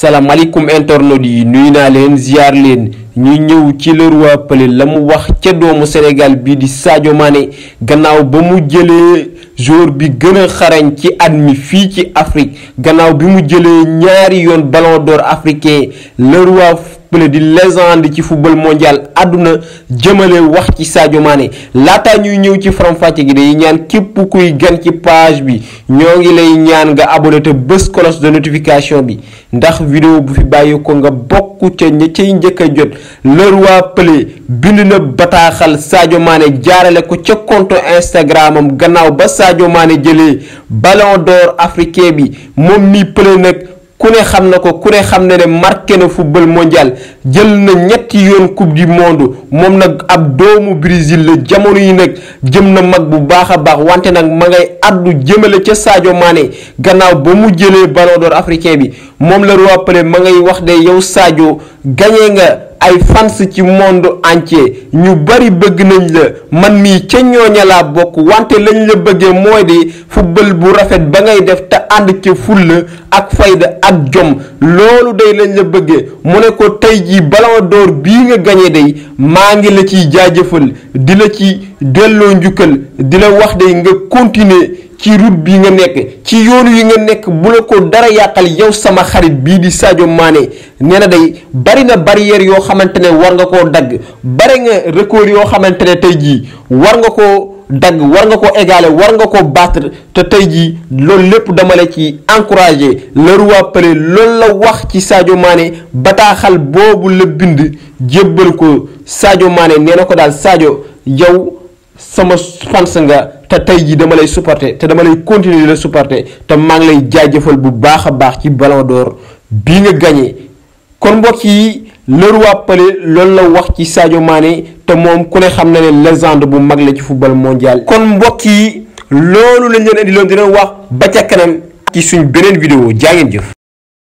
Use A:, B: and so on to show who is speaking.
A: salaamaaleykum internautes yi nuyu naa leen ziar leen ñu ñëw ci le roi la mu wax ca doomu Sénégal bii di Sadio maane gannaaw ba mu jëlee jour bi gën a xarañ ci at mi fii ci Afrique gannaaw bi mu jëlee ñaari yoon ballon d'or africain le roi bële di légende ci football mondial àdduna jëmale wax ci Sadio Mané laataa ñuy ñëw ci faram-fàcce gi day ñaan képp kuy gan ci page bi ñoo ngi lay ñaan nga abonné bés cloche de notification bi ndax vidéo bu fi bàyyi ko nga bokk ca ña cay njëkk a jot Leroy Pelé bind na bataaxal Sadio Mané jaarale ko ca compte Instagram gannaaw ba Sadio Mané jëlee Ballon d'Or africain bi moom mi Pelé nag. ku ne xam na ko ku ne xam na ne marqué na football mondial jël na ñetti yoon coupe du monde moom nag ab doomu Brésil la jamono yi nag jëm na mag bu baax a baax wante nag ma ngay addu jëmale ca Sadio maane gannaaw ba mu jëlee ballon d'or africain bi moom la rappelé ma ngay wax de yow saajo gagné nga. ay fans ci monde entier ñu bari bëgg nañ la man mii ca ñooña bokk wante lañ la bëggee mooy di football bu rafet ba ngay def te ànd ca fulla ak fayda ak jom loolu day lañ la bëggee mu ne ko tey jii ballon d'or bii nga gañe day maa ngi la ciy jaajëfal di la ci delloo njukkal di la wax de nga continuer ci route bi nga nekk ci yoonu yi nga nekk bu la ko dara yàqal yow sama xarit bii di Sadio maane nee na day bari na barrière yoo xamante ne war nga koo dagg bari nga record yoo xamante ne tey jii war nga koo dagg war nga ko égaler war nga ko battre te tey jii loolu lépp dama ci encouragé le roi Pelé loolu la wax ci Sadio Mané bataaxal boobu la bind jébbal ko Sadio Mané nee ko daal Sadio yow. sama fans nga te tey jii dama lay supporter te dama lay continuer di la supporter te maa ngi lay jaajëfal bu baax a baax ci Ballon d'Or bii nga gagné kon mbokk yi le roi Pelé loolu la wax ci Sadio Mané te moom ku xam na ne légende bu mag la ci football mondial. kon mbokk yi loolu lañ leen indi loon dina wax ba ca kanam ci suñ beneen vidéo jaa ngeen jëf.